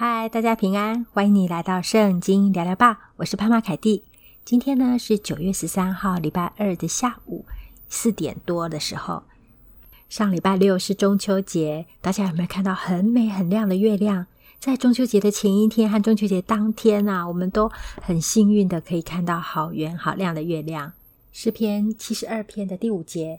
嗨，大家平安，歡迎你來到聖經聊聊吧。我是潘媽凱蒂。今天呢是九月十三號，禮拜二的下午四點多的時候。上禮拜六是中秋節，大家有沒有看到很美很亮的月亮？在中秋節的前一天和中秋節當天啊，我們都很幸運的可以看到好圓好亮的月亮。詩篇七十二篇的第五節：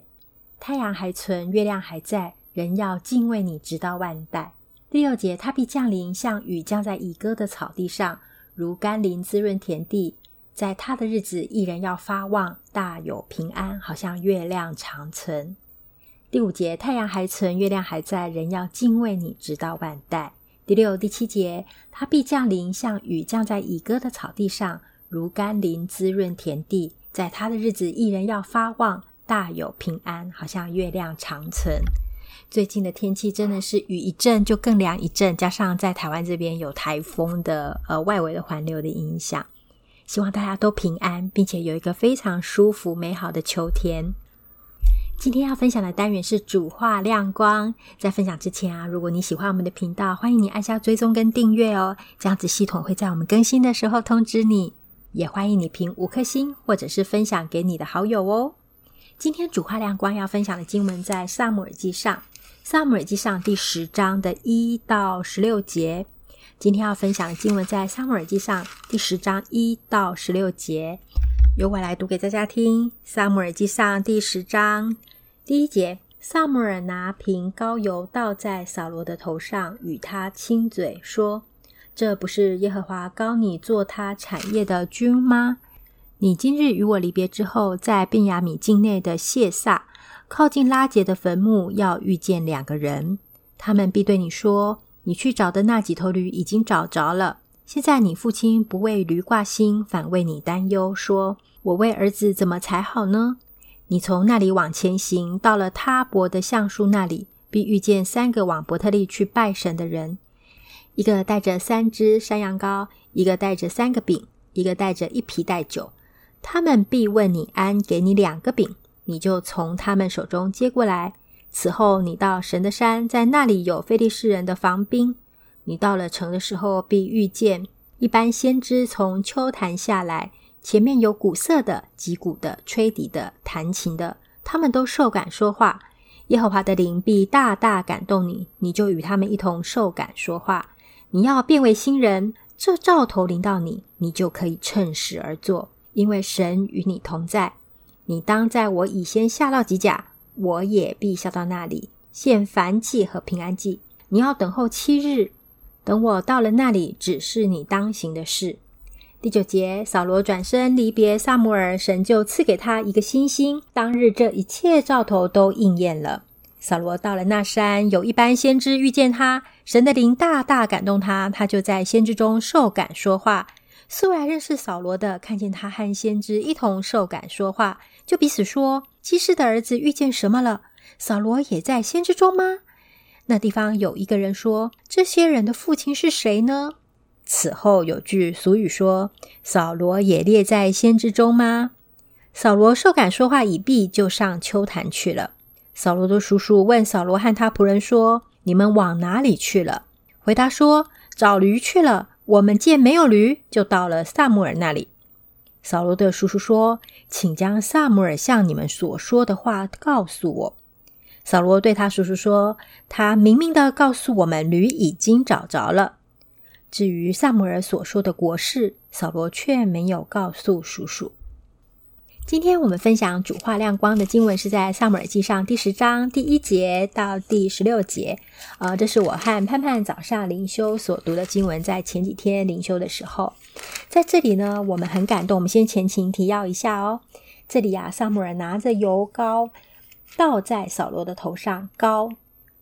太陽還存，月亮還在，人要敬畏你，直到萬代。第六節，他必降臨，像雨降在已割的草地上，如甘霖滋潤田地。在他的日子，義人要發旺，大有平安，好像月亮長存。第五節，太陽還存，月亮還在，人要敬畏你，直到萬代。第六、第七節，他必降臨，像雨降在已割的草地上，如甘霖滋潤田地。在他的日子，義人要發旺，大有平安，好像月亮長存。最近的天氣真的是雨一陣就更涼一陣，加上在台灣這邊有台風的呃外圍的環流的影響，希望大家都平安，並且有一個非常舒服美好的秋天。今天要分享的單元是主話亮光。在分享之前啊，如果你喜歡我們的頻道，歡迎你按下追蹤跟訂閱哦，這樣子系統會在我們更新的時候通知你。也歡迎你評五顆星，或者是分享給你的好友哦。今天主話亮光要分享的經文在撒母耳記上。撒母耳記上第十章的一到十六節，今天要分享經文在撒母耳記上第十章一到十六節，由我來讀給大家聽。撒母耳記上第十章第一節，撒母耳拿瓶膏油倒在掃羅的頭上，與他親嘴，說：“這不是耶和華膏你做他產業的君嗎？你今日與我離別之後，在便雅米境內的，的謝撒靠近拉結的墳墓，要遇見兩個人，他們必對你說：“你去找的那幾頭驢已經找着了。現在你父親不為驢掛心，反為你擔憂，說：‘我為兒子怎麼才好呢？’”你從那裡往前行，到了他泊的橡樹那裡，必遇見三個往伯特利去拜神的人：一個帶着三只山羊羔，一個帶着三個餅，一個帶着一皮袋酒。他們必問你安，給你兩個餅。你就從他們手中接過來。此後，你到神的山，在那裡有非利士人的防兵。你到了城的時候，必遇見一般先知從丘壇下來，前面有鼓瑟的、擊鼓的、吹笛的、彈琴的，他們都受感說話。耶和華的靈必大大感動你，你就與他們一同受感說話。你要變為新人，這兆頭臨到你，你就可以趁時而做，因為神與你同在。你當在我以先下到吉甲，我也必下到那裡。獻燔祭和平安祭，你要等候七日，等我到了那裡，指示你當行的事。第九節，掃羅轉身離別撒母耳，神就賜給他一個星星。當日這一切兆頭都應驗了。掃羅到了那山，有一班先知遇見他，神的靈大大感動他，他就在先知中受感說話。素來認識掃羅的，看見他和先知一同受感說話，就彼此說：“基士的兒子遇見什麼了？”掃羅也在先知中嗎？那地方有一個人說：“這些人的父親是誰呢？”此後有句俗語說：“掃羅也列在先知中嗎？”掃羅受感說話已畢，就上邱壇去了。掃羅的叔叔問掃羅和他僕人說：“你們往哪裡去了？”回答說：“找驢去了。”我們見沒有驢，就到了撒母耳那裡。掃羅的叔叔說：“請將撒母耳向你們所說的話告訴我。”掃羅對他叔叔說：“他明明的告訴我們驢已經找着了。至於撒母耳所說的國事，掃羅卻沒有告訴叔叔。”今天我們分享主話亮光的經文是在《撒母耳記》上第十章第一節到第十六節。呃，這是我和盼盼早上靈修所讀的經文，在前幾天靈修的時候，在這裡呢，我們很感動。我們先前情提要一下哦。這裡呀、啊，撒母耳拿着油膏倒在掃羅的頭上，膏。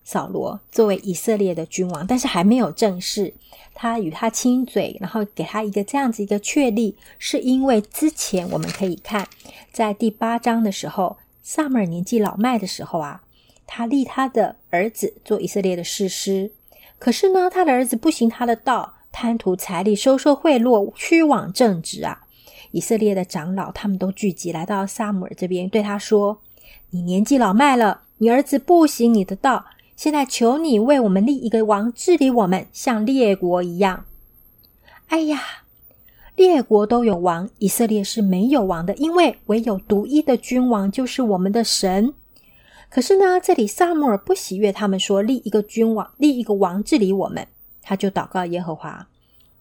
掃羅作為以色列的君王，但是還沒有正式，他與他親嘴，然後給他一個這樣子一個確立，是因為之前我們可以看在第八章的時候，撒母耳年紀老邁的時候啊，他立他的兒子做以色列的士師，可是呢，他的兒子不行他的道，貪圖財利，收受賄賂，屈枉正直啊。以色列的長老他們都聚集來到撒母耳這邊，對他說：“你年紀老邁了，你兒子不行你的道。”現在求你為我們立一個王治理我們，像列國一樣。哎呀，列國都有王，以色列是沒有王的，因為唯有獨一的君王就是我們的神。可是呢，這裡撒母耳不喜悅他們說立一個君王，立一個王治理我們，他就禱告耶和華。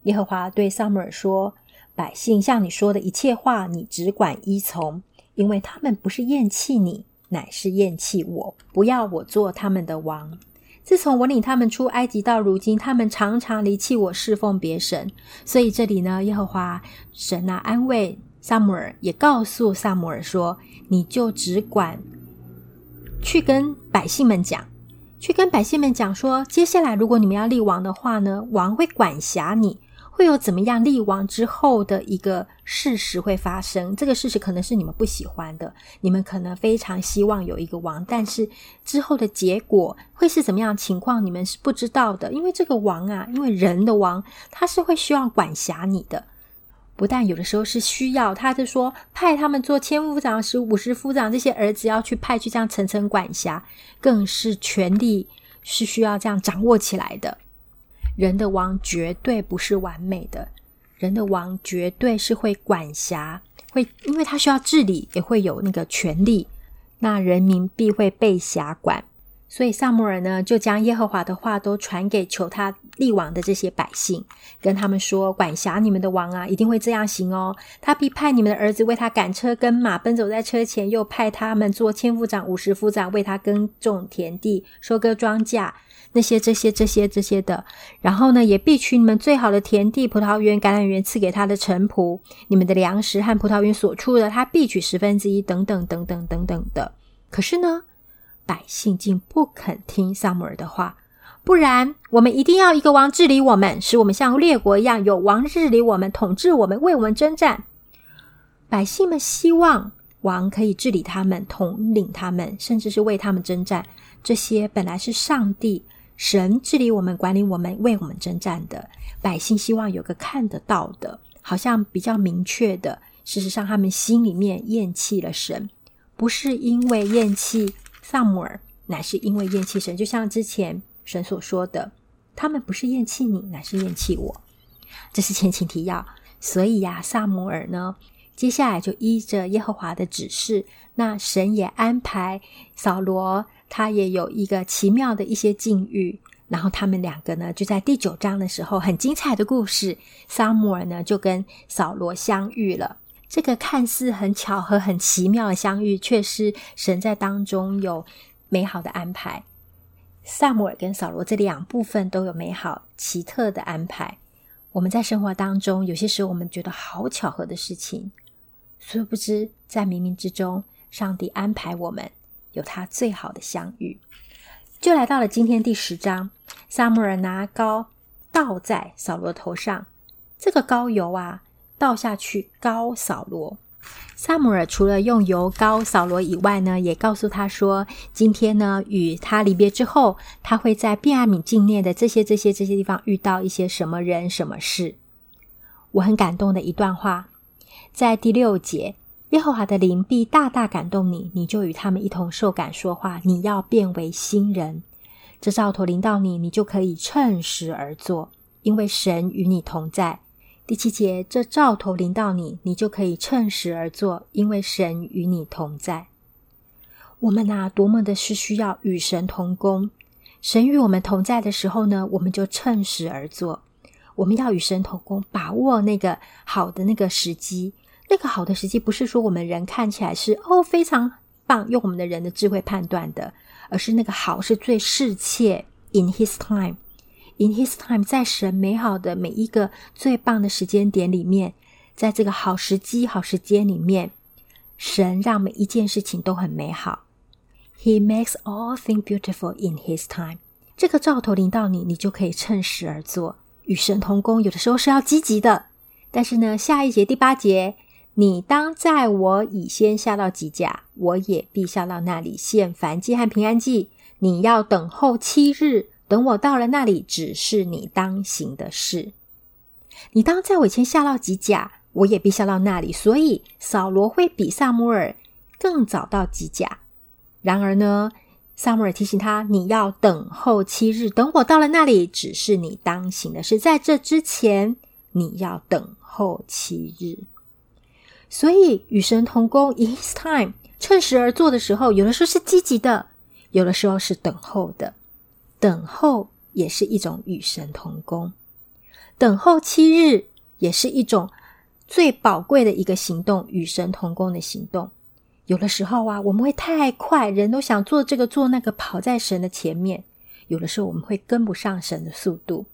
耶和華對撒母耳說：“百姓向你說的一切話，你只管依從，因為他們不是厭棄你。”乃是厭棄我，不要我做他們的王。自從我領他們出埃及到如今，他們常常離棄我，侍奉別神。所以這裡呢，耶和華神啊安慰撒母耳，也告訴撒母耳說：“你就只管去跟百姓們講，去跟百姓們講說，接下來如果你們要立王的話呢，王會管轄你。”會有怎麼樣立王之後的一個事實會發生？這個事實可能是你們不喜歡的，你們可能非常希望有一個王，但是之後的結果會是怎麼樣情況，你們是不知道的。因為這個王啊，因為人的王，他是會需要管轄你的，不但有的時候是需要，他就說派他們做千夫長、十五十夫長，這些兒子要去派去這樣層層管轄，更是權力是需要這樣掌握起來的。人的王絕對不是完美的，人的王絕對是會管轄，會，因為他需要治理，也會有那個權力，那人民必會被轄管。所以，撒母耳呢，就將耶和華的話都傳給求他立王的這些百姓，跟他們說：管轄你們的王啊，一定會這樣行哦。他必派你們的兒子為他趕車跟馬，奔走在車前；又派他們做千夫長、五十夫長，為他耕種田地、收割莊稼。那些這些這些這些的，然後呢，也必取你們最好的田地、葡萄園、橄欖園，賜給他的臣僕。你們的糧食和葡萄園所出的，他必取十分之一，等等等等等等的。可是呢，百姓竟不肯聽撒母耳的話，不然我們一定要一個王治理我們，使我們像列國一樣，有王治理我們，統治我們，為我們征戰。百姓們希望王可以治理他們，統領他們，甚至是為他們征戰。這些本來是上帝、神治理我們、管理我們、為我們征戰的。百姓希望有個看得到的，好像比較明確的。事實上，他們心裡面厭棄了神，不是因為厭棄。撒母耳乃是因為厭棄神，就像之前神所說的，他們不是厭棄你，乃是厭棄我。這是前情提要。所以呀、啊，撒母耳呢，接下來就依着耶和華的指示，那神也安排掃羅，他也有一個奇妙的一些境遇。然後他們兩個呢，就在第九章的時候，很精彩的故事，撒母耳呢就跟掃羅相遇了。這個看似很巧合，很奇妙的相遇，卻是神在當中有美好的安排。撒母耳跟掃羅這兩部分都有美好奇特的安排。我們在生活當中，有些時候我們覺得好巧合的事情，殊不知在冥冥之中，上帝安排我們有他最好的相遇。就來到了今天第十章，撒母耳拿膏倒在掃羅頭上，這個膏油啊。倒下去，膏掃羅。撒母耳除了用油膏掃羅以外呢，也告訴他說：“今天呢，與他離別之後，他會在便雅憫境內、的這些、這些、這些地方遇到一些什麼人、什麼事？”我很感動的一段話，在第六節，耶和華的靈必大大感動你，你就與他們一同受感說話，你要變為新人。這兆頭臨到你，你就可以趁時而作，因為神與你同在。第七節，這兆頭臨到你，你就可以趁時而做，因為神與你同在。我們啊，多麼的是需要與神同工，神與我們同在的時候呢，我們就趁時而做，我們要與神同工，把握那個好的那個時機。那個好的時機，不是說我們人看起來是哦非常棒，用我們的人的智慧判斷的，而是那個好是最適切 in his time。In his time，在神美好的每一個最棒的時間點裡面，在這個好時機、好時間裡面，神讓每一件事情都很美好。He makes all things beautiful in his time。這個兆頭臨到你，你就可以趁時而做，與神同工。有的時候是要積極的，但是呢，下一節第八節，你當在我以先下到吉甲，我也必下到那裡獻燔祭和平安祭。你要等候七日。等我到了那裡，指示你當行的事。你當在我以前下到基甲，我也必下到那裡。所以掃羅會比撒母耳更早到基甲。然而呢，撒母耳提醒他：“你要等候七日。等我到了那裡，指示你當行的事。在這之前，你要等候七日。”所以與神同工，in his time，趁時而做的時候，有的時候是積極的，有的時候是等候的。等候也是一種與神同工，等候七日也是一種最寶貴的一個行動，與神同工的行動。有的時候啊，我們會太快，人都想做這個做那個，跑在神的前面。有的時候，我們會跟不上神的速度。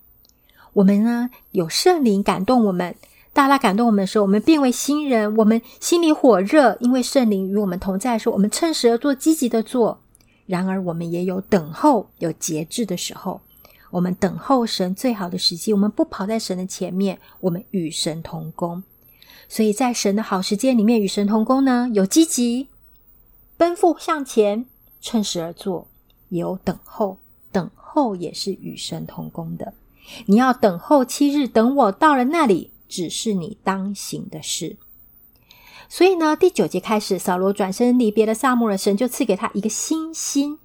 我們呢，有聖靈感動我們，大大感動我們的時候，我們變為新人，我們心裡火熱，因為聖靈與我們同在的時候，我們趁時而做，積極的做。然而，我們也有等候、有節制的時候。我們等候神最好的時機，我們不跑在神的前面，我們與神同工。所以在神的好時間裡面，與神同工呢，有積極奔赴向前，趁時而做，有等候，等候也是與神同工的。你要等候七日，等我到了那裡，指示你當行的事。所以呢，第九節開始，掃羅轉身離別撒母耳，神就賜給他一個新心，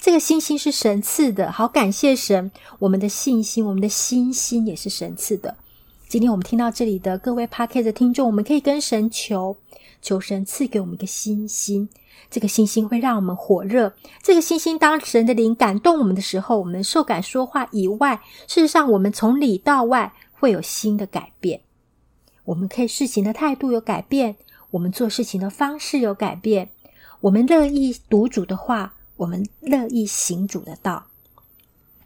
這個新心是神賜的，好感謝神，我們的信心，我們的新心也是神賜的。今天我們聽到這裡的各位 podcast 的聽眾，我們可以跟神求，求神賜給我們一個新心，這個新心會讓我們火熱，這個新心當神的靈感動我們的時候，我們受感說話以外，事實上我們從裡到外會有新的改變。我們可以事情的態度有改變。我們做事情的方式有改變，我們樂意讀主的話，我們樂意行主的道。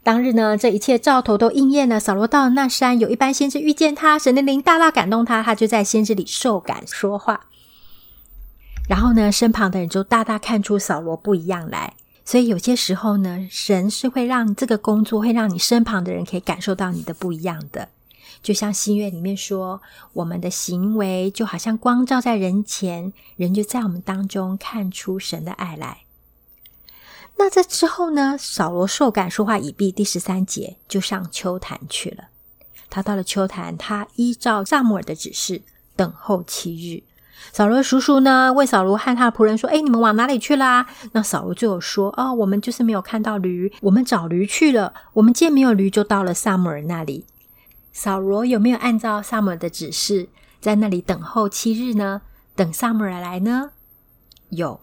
當日呢，這一切兆頭都應驗了。掃羅到了那山，有一班先知遇見他，神的靈大大感動他，他就在先知裡受感說話。然後呢，身旁的人就大大看出掃羅不一樣來。所以有些時候呢，神是會讓這個工作，會讓你身旁的人可以感受到你的不一樣的。就像新約裡面說，我們的行為就好像光照在人前，人就在我們當中看出神的愛來。那這之後呢？掃羅受感說話已畢，第十三節就上秋壇去了。他到了秋壇，他依照撒母耳的指示等候七日。掃羅叔叔呢，問掃羅和他的僕人說：“哎，你們往哪裡去啦？”那掃羅就有說：“哦，我們就是沒有看到驢，我們找驢去了。我們見沒有驢，就到了撒母耳那裡。”掃羅有沒有按照撒母耳的指示，在那裡等候七日呢？等撒母耳來呢？有。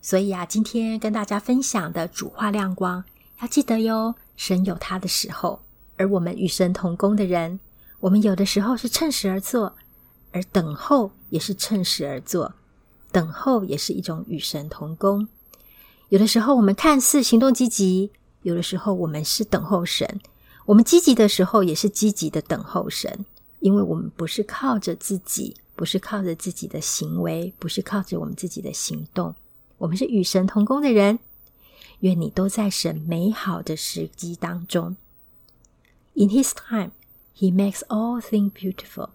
所以啊，今天跟大家分享的主話亮光，要記得喲。神有他的時候，而我們與神同工的人，我們有的時候是趁時而做，而等候也是趁時而做，等候也是一種與神同工。有的時候我們看似行動積極，有的時候我們是等候神。我們積極的時候，也是積極地等候神，因為我們不是靠着自己，不是靠着自己的行為，不是靠着我們自己的行動，我們是與神同工的人。願你都在神美好的時機當中。In His time, He makes all things beautiful.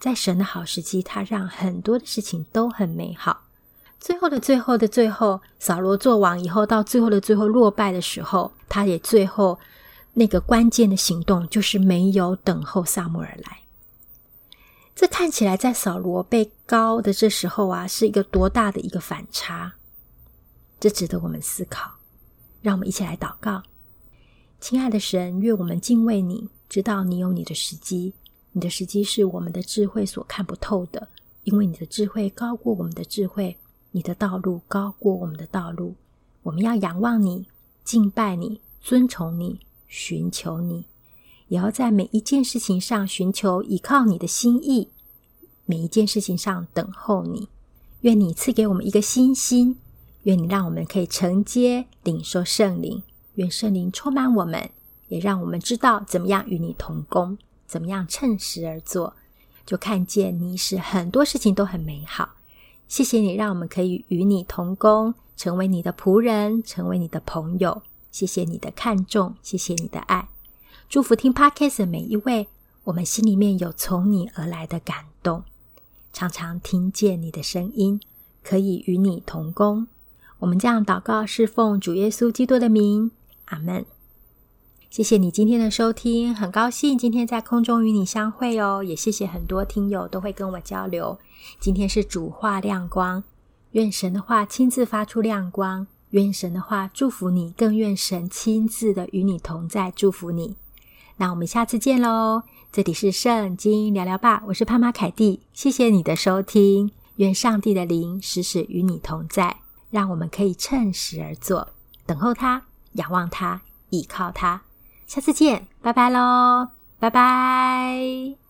在神的好時機，他讓很多的事情都很美好。最後的最後的最後，掃羅作王以後，到最後的最後落敗的時候，他也最後。那個關鍵的行動就是沒有等候撒母耳來。這看起來在掃羅被膏的這時候啊，是一個多大的一個反差？這值得我們思考。讓我們一起來禱告，親愛的神，願我們敬畏你，知道你有你的時機，你的時機是我們的智慧所看不透的，因為你的智慧高過我們的智慧，你的道路高過我們的道路。我們要仰望你，敬拜你，尊崇你。尋求你，也要在每一件事情上尋求依靠你的心意，每一件事情上等候你。願你賜給我們一個信心，願你讓我們可以承接領受聖靈，願聖靈充滿我們，也讓我們知道怎麼樣與你同工，怎麼樣趁時而做，就看見你使很多事情都很美好。謝謝你，讓我們可以與你同工，成為你的僕人，成為你的朋友。謝謝你的看重，謝謝你的愛，祝福聽 Podcast 的每一位，我們心裡面有從你而來的感動，常常聽見你的聲音，可以與你同工。我們這樣禱告，是奉主耶穌基督的名，阿門。謝謝你今天的收聽，很高興今天在空中與你相會哦。也謝謝很多聽友都會跟我交流。今天是主話亮光，願神的話親自發出亮光。願神的話祝福你，更願神親自的與你同在，祝福你。那我們下次見嘍！這裡是聖經聊聊吧，我是潘媽凱蒂，謝謝你的收聽。願上帝的靈時時與你同在，讓我們可以趁時而做，等候他，仰望他，依靠他。下次見，拜拜嘍，拜拜。